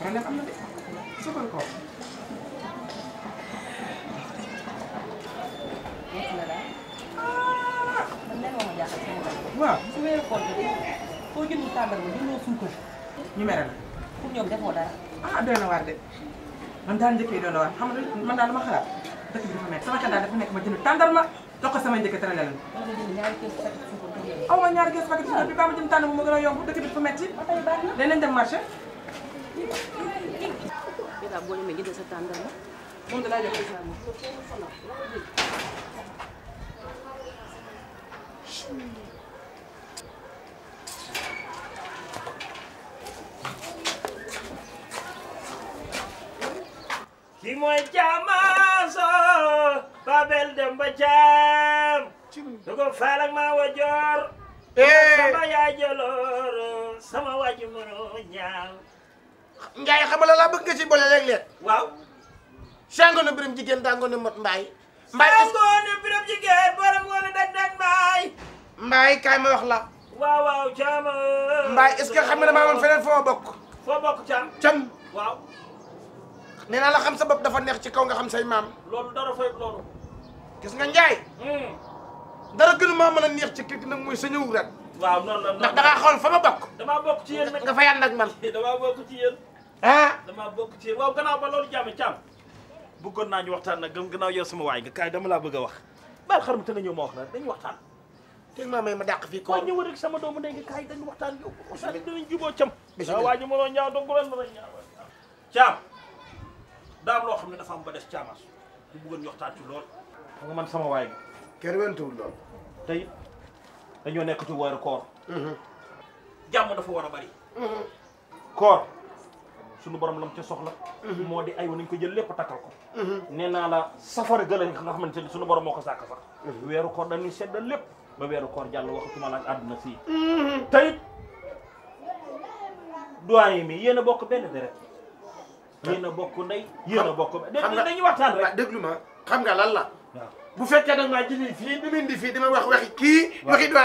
problème na de sukkal ko waaw su weeru koor bi foo jëndul tàndarma jëndoo suukar ñu mere la pour ñoom defoo dara ah doy na waar de man daal njëkkee doy na waar xam nga man daal dama xalaat dëkk bi dafa nekk sama xel daal dafa nekk ma jënd tàndarma jox ko sama njëkk tëral leen aw ma ñaari kees paquet suukar bi baa ma jënd tàndarma moo gën a yomb dëkk bi dafa metti danañ dem marché daa ki mooy jaamaaso babel dem ba jaam du ko faal ak maa wa joor eh. sama yaay joloor sama waaju mënoo ñaaw Ndiaye xamala laa bëgg nga ci boole léeg-léeg. waaw. sàngoonu biram jigéen dàngoonu mot mbaay. mbaay sàngoonu biram jigéen borom ngoonu daj daj mbaay. mbaay kaay ma la. waaw waaw Thiam. xam na ne maa moom feneen foo bokk. foo bokk Thiam. Thiam waaw. nee naa la xam sa bopp dafa neex ci kaw nga xam say maam. loolu dara fay loolu. gis nga Ndiaye. Hmm. dara gënu maa mën a neex ci kii nag mooy sa ñëw ren. waaw noonu da ngaa xool fa ma bokk. damaa bokk ci yéen nag nga fay ànd ak man. ah dama bokk ci ba loolu jaame caam bëggoon naa ñu waxtaan na gëm gannaaw yow sama waay nga kaay dama laa bëgg a wax baal xaram te nga ñëw ma wax la dañu waxtaan te maa may ma dàq fii koor ñëw rek sama doomu ndey nga kaay dañu waxtaan yow sa dinañ juboo cam waaw waa ji mënoo ñaaw donc wen danañ ñaaw loo xam ne dafa am des caamas ñu bëggoon ñu waxtaan ci lool xam man sama waay nga kenn wentuwul nekk ci weeru koor mhm. jàmm dafa war a bari mhm. koor suñu borom lam ca soxla mhm. moo di ay wa nañ ko jël lépp takkal ko mhm. nee naa la safara gëla nga xamante ni suñu borom moo ko sàkk sax mhm. weeru koor dañuy seddal lépp ba weeru koor jàll waxatuma la ak àdduna sii tayit doyen mi yéen a bokk benn deret yéen a bokk ndey yéen a bokk dañuy waxtaan rek déglu xam nga lan la bu fekkee da maa jëlee fii di indi fii dama wax waxi kii ko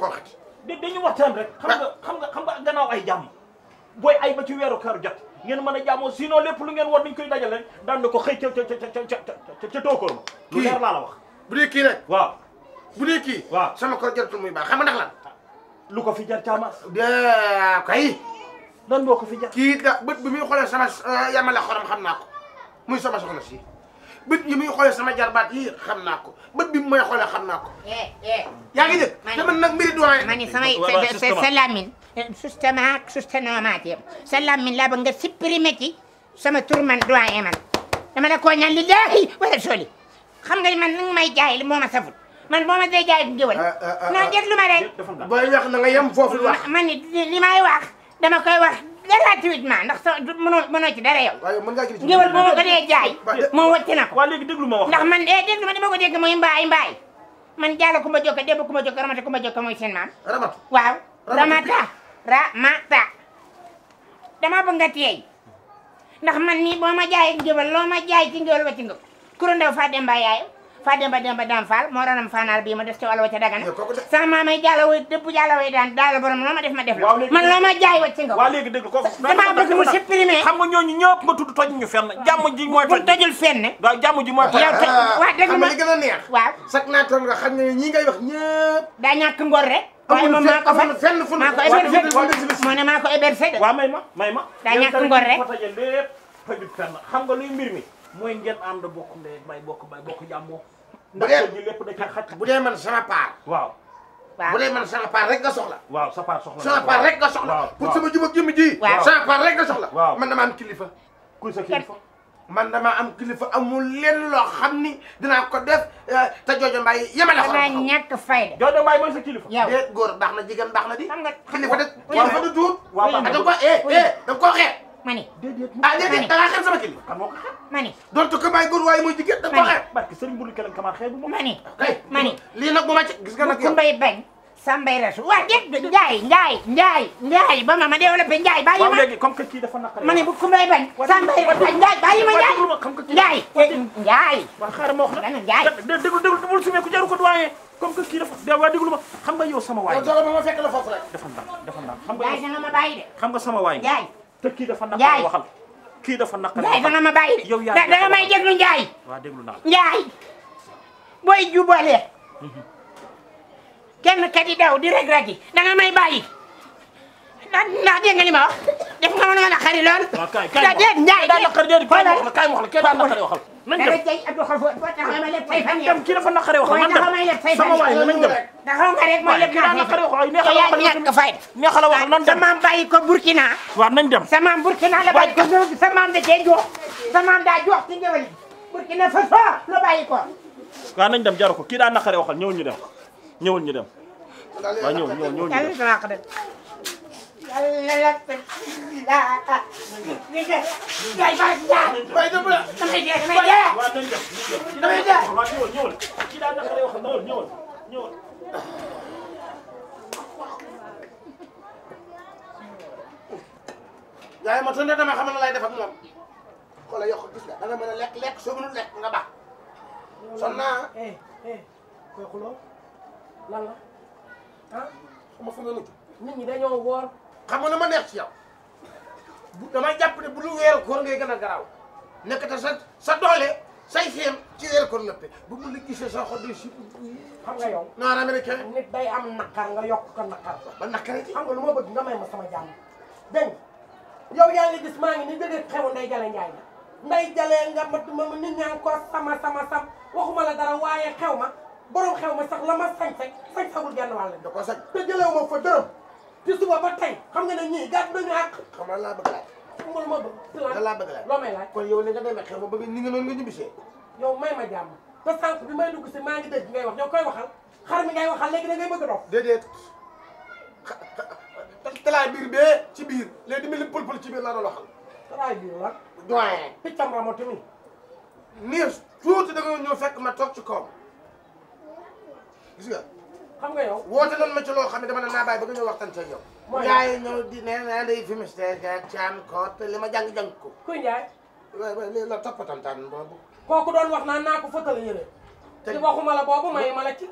waxati dañu waxtaan rek xam nga xam nga xam ay jàmm booy ay ba ci weeru kaaru jat ngeen mën a jaamoo sinon lépp lu ngeen war dañ koy dajale daan ko xëy ca ca ca ca tookóor ma lu leer laa la wax bu dee kii rek waaw bu dee kii waaw sama kor jaratul muy baax xam nga ndax lan lu ko fi jar caamaas kay lan boo ko fi jar kii da bët bu muy xoolee sama yamale xorom xam naa ko muy sama soxna si bët yi muy xoolee sama jarbaat xam naa ko bët bi mooy xoolee xam naa ko. Eh, eh. yaa ngi dégg. mani dama nag mbiri doyen. mani samay sa làmmiñ eh, justement ak justement yëpp sa làmmiñ laa ba nga supprimer ci sama tur man doyen man dama la koo ñaan lillahi a rasuli xam nga man nag may jaay li moo ma safut man boo ma dee jaay di jëwal. Ah, ah, ah, non déglu ma rek. booy wax na nga yem foofu wax. man li may wax. gratuitement ndax sa mënoo mënoo ci dara yow. waaye mën ngaa gis. ngéwél boo ma ko dee jaay. moom wàcc na ko. waaw léegi ma wax. ndax man eh déglu ma dama ko dégg mooy mbaay mbaay man jaala ku ma jokka débb ku ma jokka ramata ku ma jokka mooy seen maam. ramata waaw. ramata ramata dama bëgg nga téye ndax man nii boo ma jaayee ngéwél loo ma jaay ci ngéwél wàcc nga ko kuréel ndaw Fadé Mbaye yaayam fa demba demba dam fall moo ranam fanal bii ma def ca wàll wa dagana sama maamay jàlla way dëpp jàlla way daan daala borom loo ma def ma def la man loo ma jaay nga waaw léegi dëgg kooku dama bëgg mu supprimer xam nga ñooñu ñëpp fenn jàmm ah, a neex waaw ne ñi ngay wax ñëpp daa ñàkk ngor rek waaye moom moo ne maa ko hébergé de waaw may ma may ma daa ñàkk ngor rek lépp tojul fenn xam nga luy mbir mi mooy ngeen bokk ndey bay ndax kër gi lépp da cee xaj bu dee man sama waaw waaw bu dee man sama paar rek nga soxla waaw sa rek nga soxla pour sama juma jëmm ji sama paar rek nga soxla man dama am kilifa kuy sa kilifa man dama am kilifa amul lenn loo xam ni dinaa ko def eh, ta Jojo Mbaye yemale xol dama ñàkk fayda Jojo Mbaye mooy sa kilifa de góor baax na jigéen baax na di kilifa de kilifa du tuut da nga ko eh eh ko xeet ma ne. déedéet ah déedéet da ngaa xeeb sama kilifa. kan moo ko xeeb. ma ne. donte que maay góor waaye mooy jigéen da nga ko xeeb. barke sëriñ Bulu Kelen kama xeebu ma. ma ne ma ne. lii nag bu ma ci gis nga nag yow mbay bañ. Sambay Rasu waaw yëpp Ndiaye Ndiaye Ndiaye Ndiaye ba ma ma développé Ndiaye bàyyi ma waaw léegi comme que kii dafa naqaree ma ne bu Koungheul bañ. Sambay Rasu Ndiaye bàyyi ma Ndiaye Ndiaye Ndiaye. waaw xaaral ma wax la Ndiaye. déglu déglu déglu su ma ko jaru ko doyen comme que kii dafa waaw déglu ma xam nga yow sama waay. waaw dara ma ma fekk la foofu rek. dafa ndànk dafa ndànk xam nga. Ndiaye danga ma bàyyi de. xam nga sama waay. Ndiaye. te kii dafa naqari waxal kii dafa naqari waxal danga ma bàyyi yow yaa danga may déglu Njaay waaw déglu naa Njaay booy jubale kenn kat yi daw di reg regi danga may bàyyi ndax dégg nga li ma wax def nga mën a naqari lool. waaw kay kay wax kay naqari déedéet kay wax la kay naqari waxal. nañ dem dara Abdou Khafour boo taxaw ma lépp fay fan yéen. kii dafa naqaree wax man dem sama waay nañ dem. taxaw nga rek mooy lépp naa naqaree wax neexal wax te yaa ñàkk fayda. neexal wax nan dem sama maam bàyyi ko Burkina. waaw nañ dem sama maam Burkina la bàyyi ko sama maam da cee jox sama maam daa jox ci njëwal Burkina Faso la bàyyi ko. waaw nañ dem jaru ko kii daa naqaree waxal ñëwul ñu dem ñëwul ñu dem waaw ñëw ñëw ñëw ñu dem yaa ngi man su ne dama xam ne lay def ak moom xoolal yokk gis nga dana mën a lekk lekk soo mënul lekk nga baax. sonn naa. Eh, eh, koy xuloo lan la ah xam nga fu nga nit ñi dañoo woor. xam nga lu ma neex ci yow bu damay jàpp ne bu lu weeru koor ngay gën a garaaw nekk te sa sa doole say feem ci weeru koor nëppe bu mun la gisee sa xol de si xam nga yow naar américain nit day am naqar nga yokk ko naqar ba naqar ci xam nga lu ma bëgg nga may ma sama jàmm dégg yow yaa ngi gis maa ngi ni jógee xewu nday jale njaay la nday jalee nga mat ma nit ñaa ngi ko sama sama sam waxuma la dara waaye xew ma borom xew ma sax la ma sañ sañ sa sagul genn wàll da ko ci suba ba tey xam nga ne ñii gàtt dañu àq. xam nga laa bëgg laaj. xam nga lu ma bëgg. lan laa bëgg laaj loo may laaj. kon yow li nga demee xew ma bëgg ni nga noonu nga ñibbisee. yow may ma jàmm te sànq may dugg si maa ngi dégg ngay wax yow koy waxal xar mi ngay waxal léegi da ngay bëgg a dox. déedéet talaay biir bee ci biir léegi di mel ni pël-pël ci biir laa doon waxal. talaay biir la. doyen piccam ramo tamit. nii tuuti da nga ñëw fekk ma toog ci kawam gis nga. xam nga yow woote nan ma ci loo xam ne dama ne naa bàyyi ba nga ñëw waxtaan ak yow. mooy Ndiaye ñëw di ne naa day fi mystère ak caan koot li ma jàng jàng ko. kuy Ndiaye. waaw waaw lii la toppatam taan boobu. kooku doon wax naan naa ko fëtal yële. te ci waxuma la boobu may ma la ci.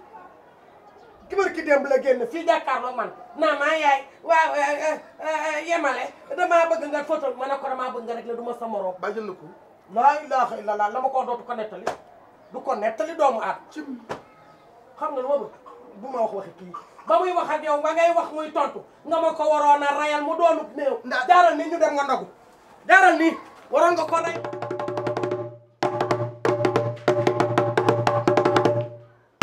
kibar ki démb la génn fii jàkkaarloo man naa maa yaay waaw eh, eh, eh, yemale damaa bëgg nga fëtal ma na ko damaa bëgg nga rek la du ma sa ba jënd ko. laa ilaaha la ma ko dootu ko du ko nettali doomu aat. ci xam nga lu bu ma wax waxi kii ba muy wax ak yow ba ngay wax muy tontu nga ma ko waroon a rayal mu doonut néew. ndax daaral nii ñu dem nga ndogu daaral nii waroon nga ko rey.